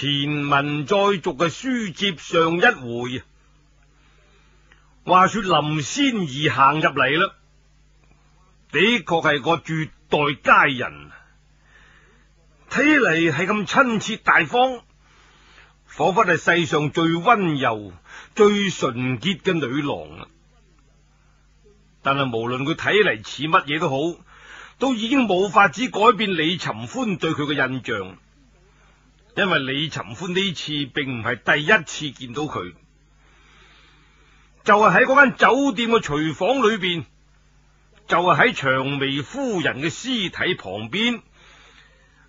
前文再續嘅書接上一回，話說林仙兒行入嚟啦，的確係個絕代佳人，睇嚟係咁親切大方，仿佛係世上最溫柔、最純潔嘅女郎啊！但係無論佢睇嚟似乜嘢都好，都已經冇法子改變李尋歡對佢嘅印象。因為李尋歡呢次並唔係第一次見到佢，就係喺間酒店嘅廚房裏邊，就係喺長眉夫人嘅屍體旁邊，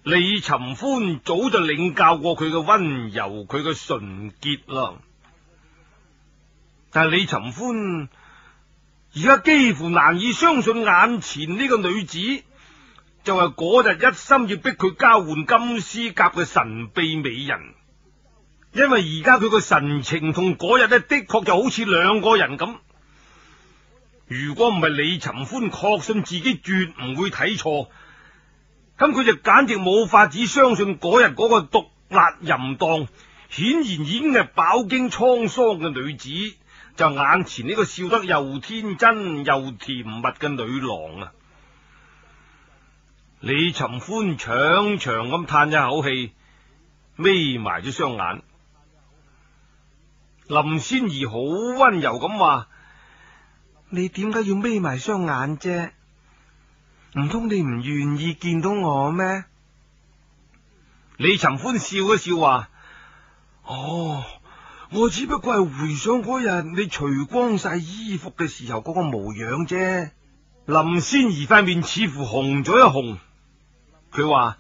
李尋歡早就領教過佢嘅溫柔，佢嘅純潔啦。但係李尋歡而家幾乎難以相信眼前呢個女子。就係嗰日一心要逼佢交換金絲甲嘅神秘美人，因為而家佢個神情同嗰日呢，的確就好似兩個人咁。如果唔係李尋歡確信自己絕唔會睇錯，咁佢就簡直冇法子相信嗰日嗰個毒辣淫蕩、顯然已經係飽經滄桑嘅女子，就眼前呢個笑得又天真又甜蜜嘅女郎啊！李尋歡長長咁嘆咗口氣，眯埋咗雙眼。林仙兒好温柔咁話：你點解要眯埋雙眼啫？唔通你唔願意見到我咩？李尋歡笑一笑話：哦，我只不過係回想嗰日你除光晒衣服嘅時候嗰個模樣啫。林仙兒塊面似乎紅咗一紅。佢話：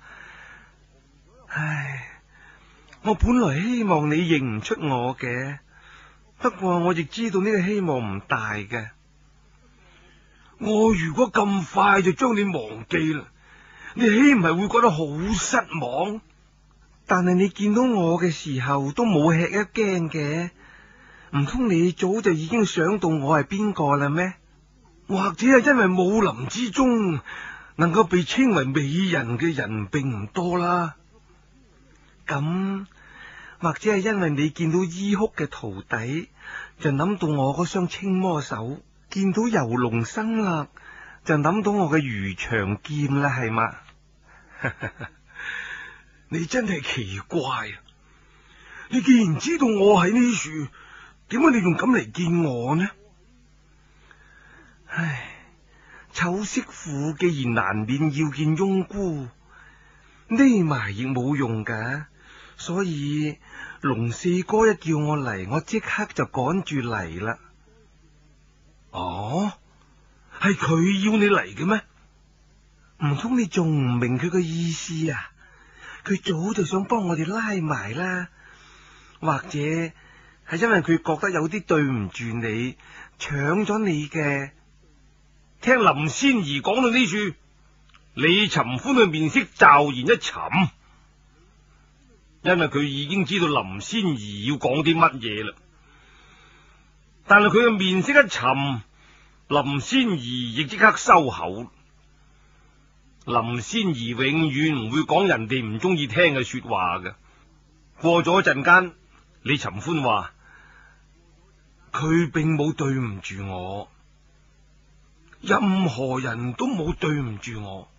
唉，我本來希望你認唔出我嘅，不過我亦知道呢個希望唔大嘅。我如果咁快就將你忘記啦，你豈唔係會覺得好失望？但係你見到我嘅時候都冇吃一驚嘅，唔通你早就已經想到我係邊個啦咩？或者係因為武林之中？能夠被稱為美人嘅人並唔多啦，咁或者係因為你見到伊哭嘅徒弟，就諗到我嗰雙青魔手；見到游龍生啦，就諗到我嘅魚腸劍啦，係嘛、 啊，你真係奇怪，你既然知道我喺呢處，點解你仲敢嚟見我呢？唉。醜媳婦既然難免要見翁姑，匿埋亦冇用噶，所以龍四哥一叫我嚟，我即刻就趕住嚟啦。哦，係佢要你嚟嘅咩？唔通你仲唔明佢個意思啊？佢早就想幫我哋拉埋啦，或者係因為佢覺得有啲對唔住你，搶咗你嘅。聽林仙兒講到呢處，李尋歡嘅面色驟然一沉，因為佢已經知道林仙兒要講啲乜嘢啦。但係佢嘅面色一沉，林仙兒亦即刻收口。林仙兒永遠唔會講人哋唔中意聽嘅說話嘅。過咗一陣間，李尋歡話：佢並冇對唔住我。任何人都冇對唔住我，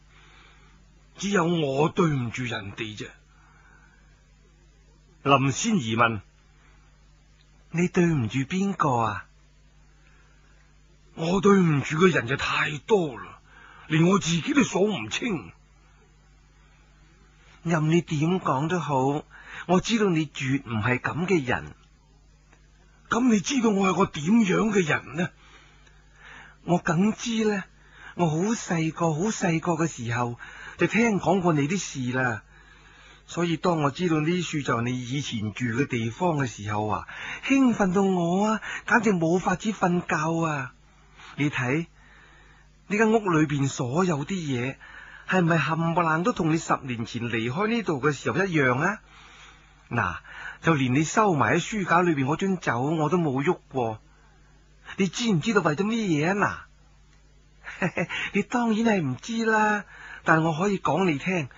只有我對唔住人哋啫。林仙兒問：你對唔住邊個啊？我對唔住嘅人就太多啦，連我自己都數唔清。任你點講都好，我知道你絕唔係咁嘅人。咁你知道我係個點樣嘅人呢？我梗知咧，我好細個、好細個嘅時候，時候就聽講過你啲事啦，所以當我知道呢處就係你以前住嘅地方嘅時候啊，興奮到我啊，簡直冇法子瞓覺啊！你睇呢間屋裏邊所有啲嘢，係唔係冚唪唥都同你十年前離開呢度嘅時候一樣啊？嗱，就連你收埋喺書架裏邊嗰樽酒，我都冇喐過。你知唔知道為咗咩嘢啊？嗱， 你當然係唔知啦，但係我可以講你聽，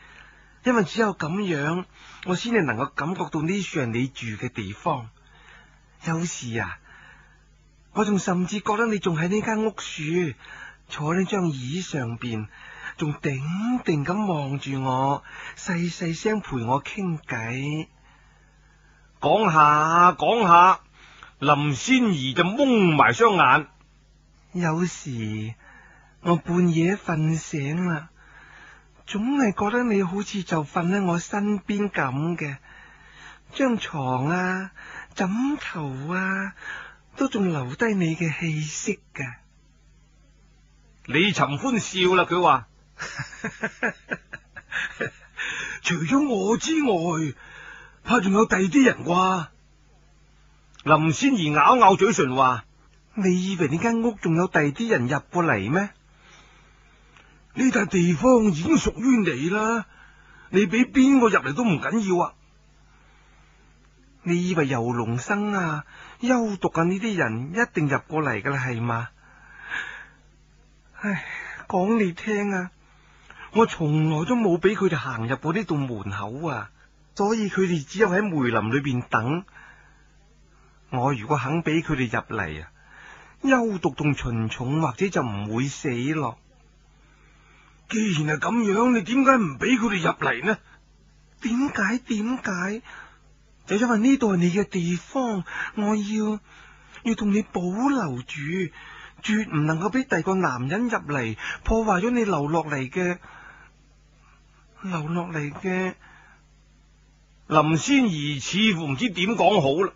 因為只有咁樣，我先至能夠感覺到呢處係你住嘅地方。有時啊，我仲甚至覺得你仲喺呢間屋處坐喺呢張椅上邊，仲定定咁望住我，細細聲陪我傾偈，講下講下。講林仙兒就蒙埋雙眼。有時我半夜瞓醒啦，總係覺得你好似就瞓喺我身邊咁嘅，張床啊、枕頭啊，都仲留低你嘅氣息噶。李尋歡笑啦，佢話： 除咗我之外，怕仲有第二啲人啩。林仙兒咬咬嘴唇，話：你以為呢間屋仲有第二啲人入過嚟咩？呢笪地方已經屬於你啦，你俾邊個入嚟都唔緊要啊！你以為游龍生啊、幽毒啊呢啲人一定入過嚟噶啦，係嘛？唉，講你聽啊，我從來都冇俾佢哋行入過呢度門口啊，所以佢哋只有喺梅林裏邊等。我如果肯俾佢哋入嚟啊，幽毒同秦重或者就唔會死咯。既然係咁樣，你點解唔俾佢哋入嚟呢？點解？點解？就因為呢度係你嘅地方，我要要同你保留住，絕唔能夠俾第二個男人入嚟破壞咗你留落嚟嘅留落嚟嘅。林仙兒似乎唔知點講好啦。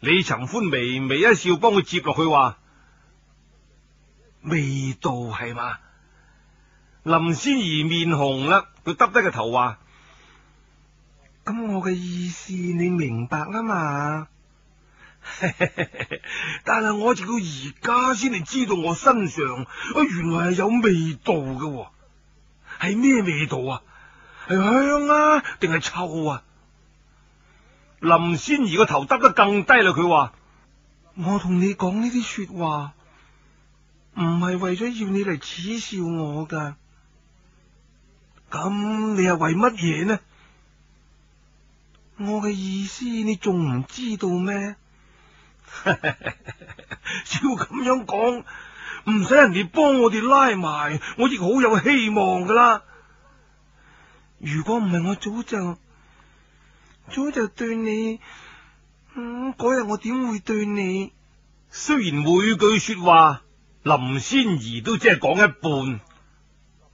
李尋歡微微一笑，幫佢接落去話：味道係嘛？林仙兒面紅啦，佢耷低個頭話：咁我嘅意思你明白啦嘛？ 但係我直到而家先嚟知道，我身上我原來係有味道嘅喎，係咩味道啊？係香啊，定係臭啊？林仙兒個頭耷得得更低啦，佢話：我同你講呢啲說話，唔係為咗要你嚟恥笑我噶。咁你係為乜嘢呢？我嘅意思你仲唔知道咩？照咁 樣講，唔使人哋幫我哋拉埋，我亦好有希望噶啦。如果唔係我早就……」早就對你，嗯，嗰日我點會對你？雖然每句說話林仙兒都只係講一半，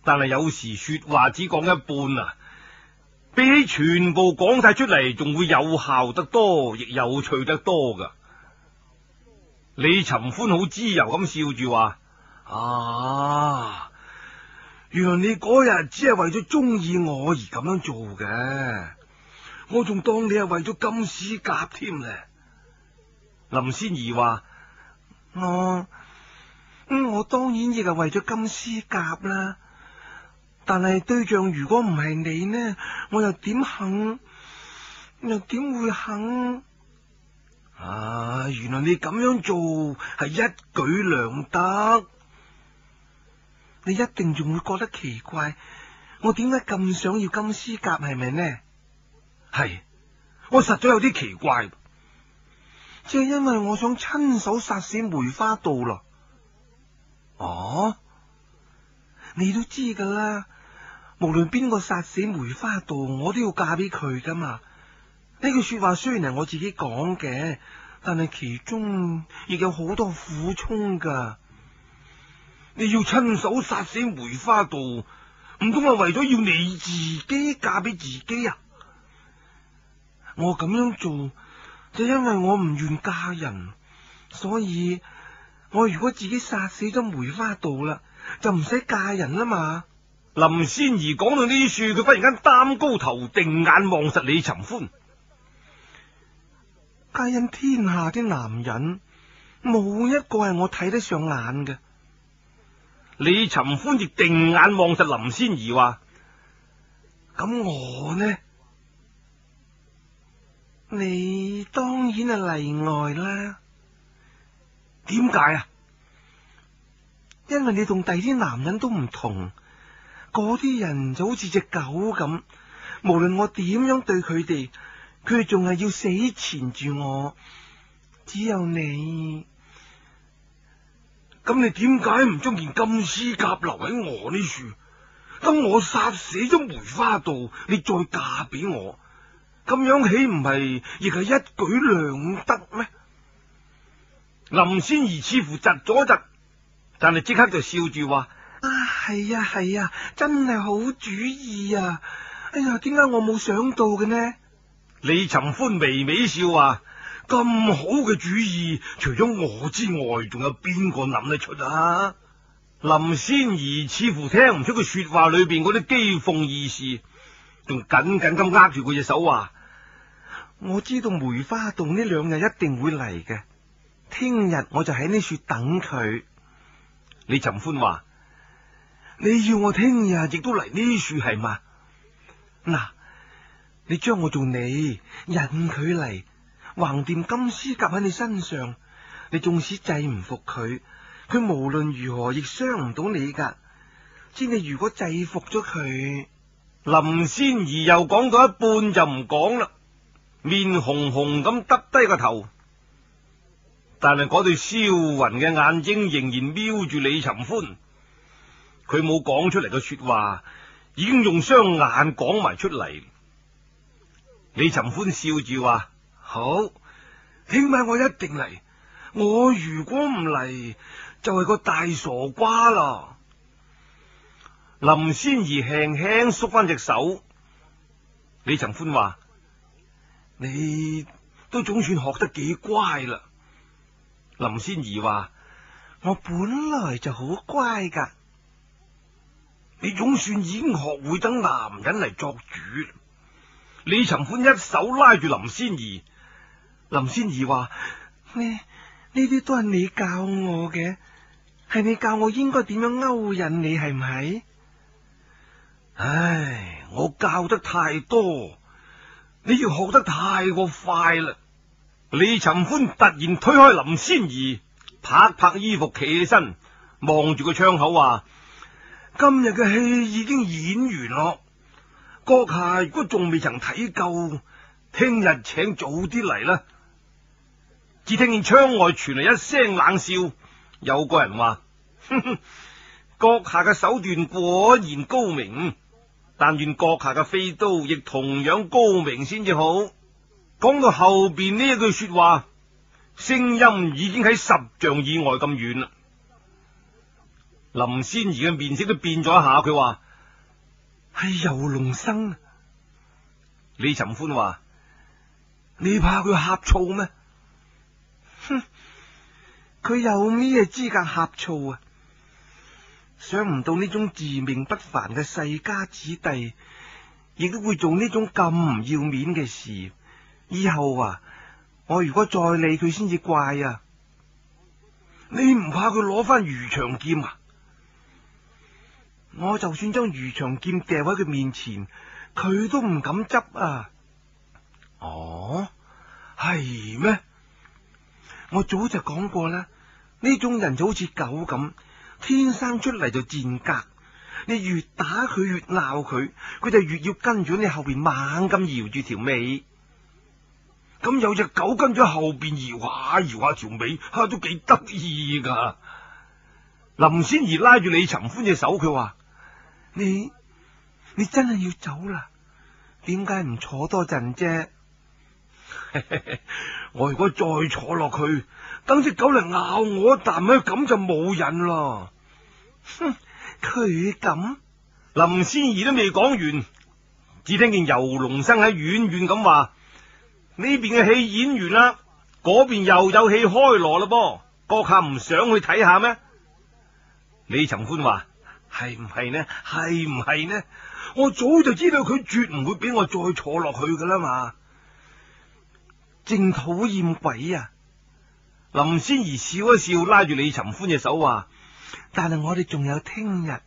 但係有時說話只講一半啊，比起全部講晒出嚟，仲會有效得多，亦有趣得多㗎。李尋歡好自由咁笑住話：啊，原來你嗰日只係為咗中意我而咁樣做嘅。我仲當你係為咗金絲甲添呢？林仙兒話：我咁我當然亦係為咗金絲甲啦，但係對象如果唔係你呢，我又點肯？又點會肯？啊，原來你咁樣做係一舉兩得，你一定仲會覺得奇怪，我點解咁想要金絲甲係咪呢？係，我實在有啲奇怪，即係因為我想親手殺死梅花道咯。哦，你都知噶啦，無論邊個殺死梅花道，我都要嫁俾佢噶嘛。呢句說話雖然係我自己講嘅，但係其中亦有好多苦衷噶。你要親手殺死梅花道，唔通係為咗要你自己嫁俾自己啊？我咁樣做，就因為我唔願嫁人，所以我如果自己殺死咗梅花道啦，就唔使嫁人啦嘛。林仙兒講到呢處，佢忽然間擔高頭，定眼望實李尋歡。皆因天下啲男人，冇一個係我睇得上眼嘅。李尋歡亦定眼望實林仙兒話：咁我呢？你當然係例外啦。點解啊？因為你同第二啲男人都唔同，啲人就好似隻狗咁，無論我點樣對佢哋，佢哋仲係要死纏住我。只有你，咁你點解唔將件金絲甲留喺我呢處，等我殺死咗梅花盜，你再嫁俾我？咁樣豈唔係亦係一舉兩得咩？林仙兒似乎窒咗一窒，但係即刻就笑住話：啊，係啊，係啊，啊，真係好主意啊！哎呀，點解我冇想到嘅呢？李尋歡微微笑話：咁好嘅主意，除咗我之外，仲有邊個諗得出啊？林仙兒似乎聽唔出佢說話裏邊嗰啲譏諷意思，仲緊緊咁握住佢隻手話。我知道梅花洞呢兩日一定會嚟嘅，聽日我就喺呢處等佢。李尋歡話：你要我聽日亦都嚟呢處係嘛？嗱、啊，你將我做你引佢嚟，橫掂金絲夾喺你身上，你縱使制唔服佢，佢無論如何亦傷唔到你噶。知你如果制服咗佢，林仙兒又講到一半就唔講啦。面紅紅咁耷低個頭，但係嗰對銷魂嘅眼睛仍然瞄住李尋歡。佢冇講出嚟嘅說話，已經用雙眼講埋出嚟。李尋歡笑住話：好，聽晚我一定嚟。我如果唔嚟，就係個大傻瓜啦。林仙兒輕輕縮翻隻手，李尋歡話。你都總算學得幾乖啦。林仙兒話，我本來就好乖噶。你總算已經學會等男人嚟，作主。李尋歡一手拉住林仙兒，林仙兒話，呢呢啲都係你教我嘅，係你教我應該點樣勾引你係唔係？唉，我教得太多。你要學得太過快啦！李尋歡突然推開林仙兒，拍拍衣服企起身，望住個窗口話：今日嘅戲已經演完咯，閣下如果仲未曾睇夠，聽日請早啲嚟啦。只聽見窗外傳嚟一聲冷笑，有個人話：哼哼，閣下嘅手段果然高明。但願閣下嘅飛刀亦同樣高明先至好。講到後邊呢一句說話，聲音已經喺十丈以外咁遠啦。林仙兒嘅面色都變咗一下，佢話：係游龍生啊。李尋歡話：你怕佢呷醋咩？哼，佢有咩資格呷醋啊？想唔到呢種自命不凡嘅世家子弟，亦都會做呢種咁唔要面嘅事。以後啊，我如果再理佢，先至怪啊！你唔怕佢攞翻余長劍啊？我就算將余長劍掟喺佢面前，佢都唔敢執啊！哦，係咩？我早就講過啦，呢種人就好似狗咁。天生出嚟就賤格，你越打佢越鬧佢，佢就越要跟住你後邊猛咁搖住條尾。咁有隻狗跟住後邊搖下搖下條尾，都幾得意噶。林仙兒拉住李尋歡隻手，佢話：你你真係要走啦？點解唔坐多陣啫？ 我如果再坐落去，等隻狗嚟咬我一啖咧，咁就冇癮啦。哼，佢咁，林仙兒都未講完，只聽見游龍生喺遠遠咁話：呢邊嘅戲演完啦，嗰邊又有戲開鑼啦，噃。」閣下唔想去睇下咩？李尋歡話：係唔係呢？係唔係呢？我早就知道佢絕唔會俾我再坐落去噶啦嘛，正討厭鬼啊！林仙兒笑一笑，拉住李尋歡嘅手話。但係我哋仲有聽日，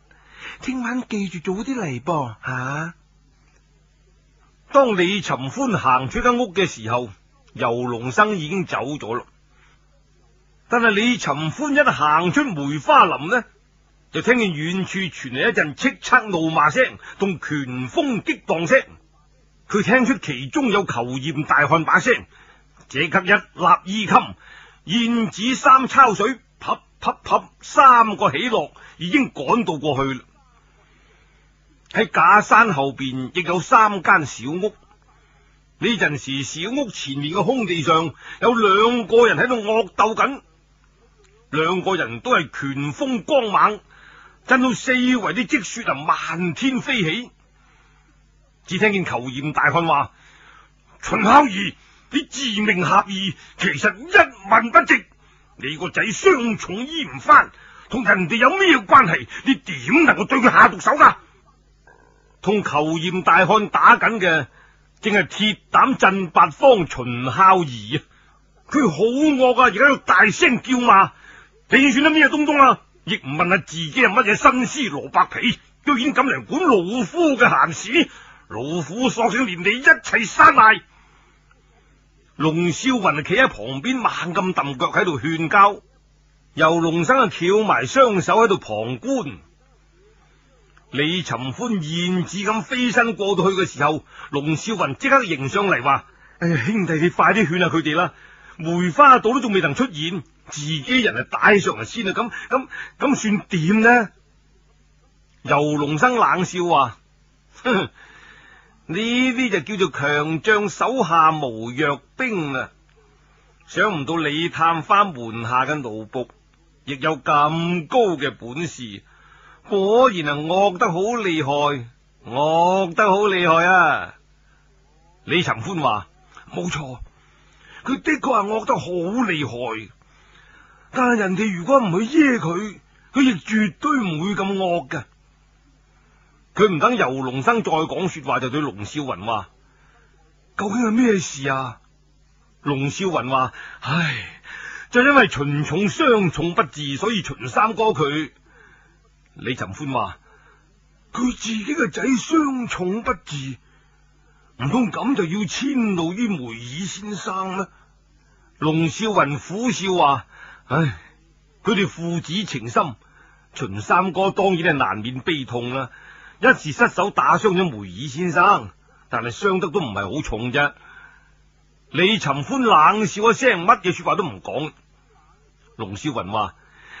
聽晚記住早啲嚟噃吓。啊、當李尋歡行出間屋嘅時候，游龍生已經走咗咯。但係李尋歡一行出梅花林呢，就聽見遠處傳嚟一陣叱咤怒罵聲同拳風激蕩聲。佢聽出其中有虬髯大漢把聲，這刻一立衣襟，燕子三抄水。啪啪啪！三個起落已經趕到過去啦。喺假山後邊亦有三間小屋。呢陣時，小屋前面嘅空地上有兩個人喺度惡鬥緊。兩個人都係拳風光猛，震到四圍啲積雪啊，漫天飛起。只聽見仇賢大漢話：秦孝義，你自命俠義，其實一文不值。你個仔傷重醫唔翻，同人哋有咩關係？你點能夠對佢下毒手噶？同仇焰大漢打緊嘅，正係鐵膽震八方秦孝兒啊！佢好惡㗎，而家喺度大聲叫罵，你算得咩東東啊？亦唔問下、啊、自己係乜嘢新絲蘿白皮，居然敢嚟管老夫嘅閒事，老夫索性連你一齊殺埋。龍少雲就企喺旁邊，猛咁揼腳喺度勸交。游龍生啊，翹埋雙手喺度旁觀。李尋歡燕子咁飛身過到去嘅時候，龍少雲即刻迎上嚟話：哎兄弟，你快啲勸下佢哋啦！梅花島都仲未能出現，自己人啊，帶上嚟先啊！咁咁咁，算點呢？游龍生冷笑話：哼。呢啲就叫做強將手下無弱兵啦、啊。想唔到李探花門下嘅奴僕亦有咁高嘅本事，果然係惡得好厲害，惡得好厲害啊！李尋歡話：冇錯，佢的確係惡得好厲害。但係人哋如果唔去惹佢，佢亦絕對唔會咁惡噶。佢唔等游龍生再講說話，就對龍少雲話：究竟係咩事啊？龍少雲話：唉，就因為秦重傷重不治，所以秦三哥佢……李尋歡話：佢自己嘅仔傷重不治，唔通咁就要遷怒於梅爾先生咩？龍少雲苦笑話：唉，佢哋父子情深，秦三哥當然係難免悲痛啦、啊。一時失手打傷咗梅爾先生，但係傷得都唔係好重啫。李尋歡冷笑一聲，乜嘢說話都唔講。龍少雲話：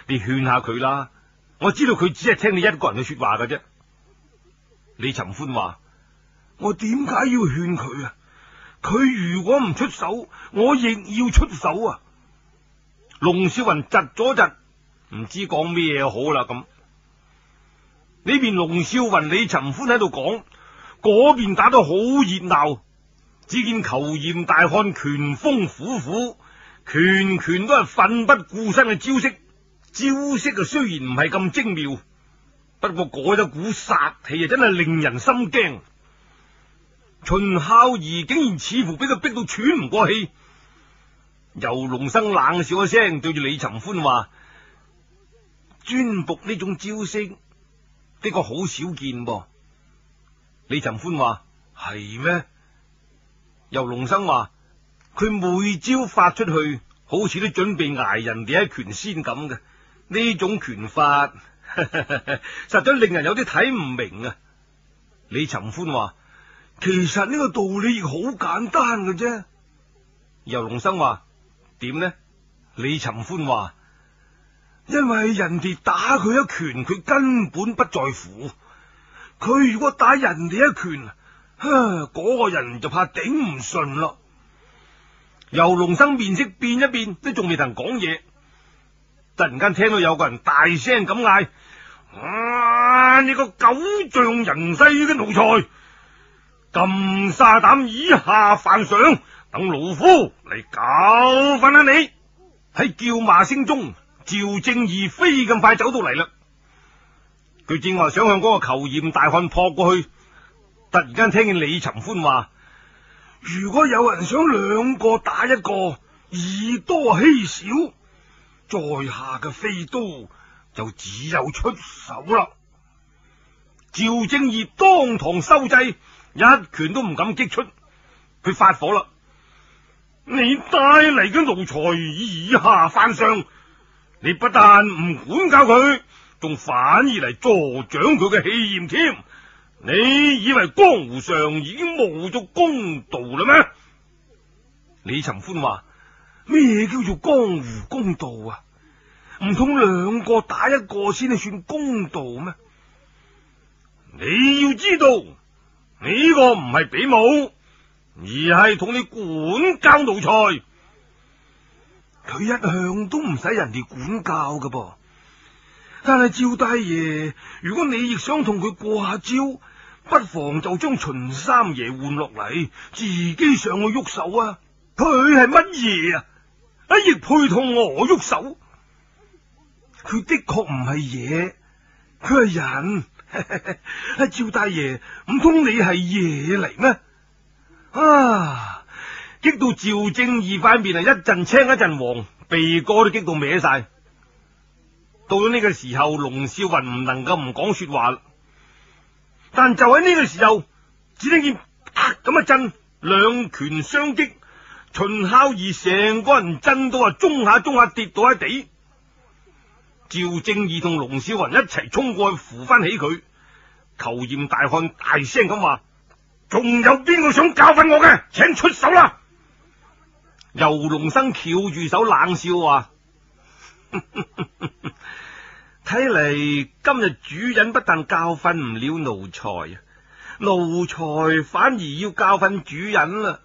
你勸下佢啦，我知道佢只係聽你一個人嘅說話㗎啫。李尋歡話：我點解要勸佢啊？佢如果唔出手，我亦要出手啊！龍少雲窒咗一陣，唔知講咩好啦咁。呢邊龍少雲、李尋歡喺度講，嗰邊打得好熱鬧。只見虬髯大漢拳風虎虎，拳拳都係奮不顧身嘅招式。招式啊，雖然唔係咁精妙，不過嗰一股殺氣啊，真係令人心驚。秦孝儀竟然似乎俾佢逼到喘唔過氣。游龍生冷笑一聲，對住李尋歡話：專服呢種招式。的確好少見噃，李尋歡話，係咩？游龍生話，佢每招發出去，好似都準備捱人哋一拳先咁嘅。呢種拳法， 實在令人有啲睇唔明啊！李尋歡話：其實呢個道理亦好簡單㗎啫。游龍生話：點呢？李尋歡話。因為人哋打佢一拳，佢根本不在乎。佢如果打人哋一拳，嗰、那個人就怕頂唔順咯。游龍生面色變一變，都仲未能人講嘢。突然間聽到有個人大聲咁嗌、啊：，你個狗仗人勢嘅奴才，咁沙膽以下犯上，等老夫嚟搞訓下、啊、你！喺叫罵聲中。趙正義飛咁快走到嚟啦，佢正話想向嗰個虬髯大漢撲過去，突然間聽見李尋歡話：如果有人想兩個打一個，以多欺少，在下嘅飛刀就只有出手啦。趙正義當堂收掣，一拳都唔敢擊出，佢發火啦：你帶嚟嘅奴才以下犯上！你不但唔管教佢，仲反而嚟助長佢嘅氣焰添。你以為江湖上已經冇咗公道啦咩？李尋歡話：咩叫做江湖公道啊？唔通兩個打一個先至算公道咩？你要知道，呢個唔係比武，而係同你管教奴才。佢一向都唔使人哋管教㗎噃，但係趙大爺，如果你亦想同佢過下招，不妨就將秦三爺換落嚟，自己上去喐手啊！佢係乜嘢啊？啊，亦配同我喐手？佢的確唔係嘢，佢係人。啊， 趙大爺，唔通你係嘢嚟咩？啊！激到趙正義塊面啊一陣青一陣黃，鼻哥都激到歪晒。到咗呢個時候，龍少雲唔能夠唔講說話。但就喺呢個時候，只聽見啪咁一陣兩拳相擊，秦孝義成個人震到啊，中下中下跌倒喺地。趙正義同龍少雲一齊衝過去扶翻起佢。虬髯大漢大聲咁話：仲有邊個想教訓我嘅，請出手啦！游龍生翹住手冷笑話：睇嚟 今日主人不但教訓唔了奴才，奴才反而要教訓主人啦。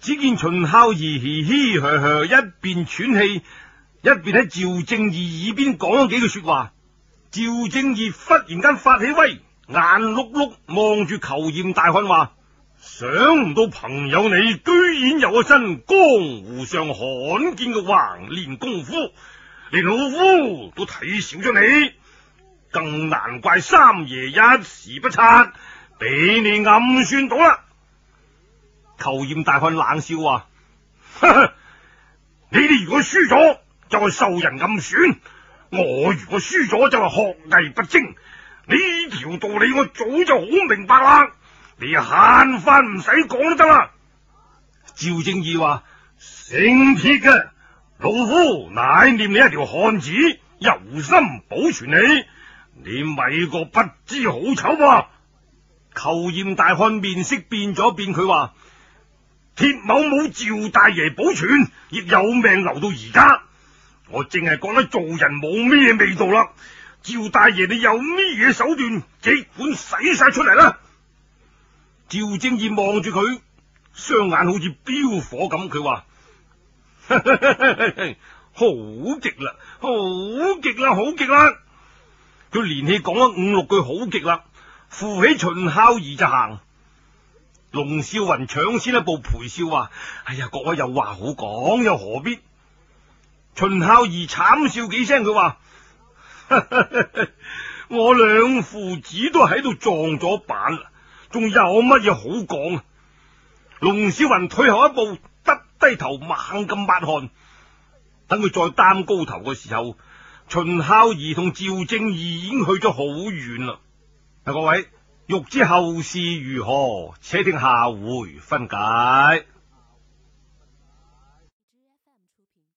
只見秦孝兒嘻嘻呵呵，一邊喘氣，一邊喺趙正義耳邊講咗幾句說話。趙正義忽然間發起威，眼碌碌望住仇彥大漢話。想唔到朋友你居然有一身江湖上罕見嘅橫練功夫，連老夫都睇少咗你，更難怪三爺一時不察俾你暗算到啦。仇艷大漢冷笑話：呵呵，你哋如果輸咗就係受人暗選，我如果輸咗就係學藝不精，呢條道理我早就好明白啦。你啊慳翻唔使講都得啦。趙正義話：姓鐵嘅，老夫乃念你一條漢子，由心保存你。你咪個不知好醜啊！寇艷大漢面色變咗變，佢話：鐵某冇趙大爺保存，亦有命留到而家。我淨係覺得做人冇咩味道啦。趙大爺，你有咩嘢手段，盡管使晒出嚟啦！趙正義望住佢，雙眼好似飆火咁。佢話： 好極啦，好極啦，好極啦！佢連氣講咗五六句，好極啦。扶起秦孝儀就行。龍少雲搶先一步陪笑話：哎呀，各位又話好講，又何必？秦孝儀慘笑幾聲，佢話： 我兩父子都喺度撞咗板仲有乜嘢好講？龍小雲退後一步，耷低頭，猛咁抹汗。等佢再擔高頭嘅時候，秦孝兒同趙正義已經去咗好遠啦。嗱，各位欲知後事如何，且聽下回分解。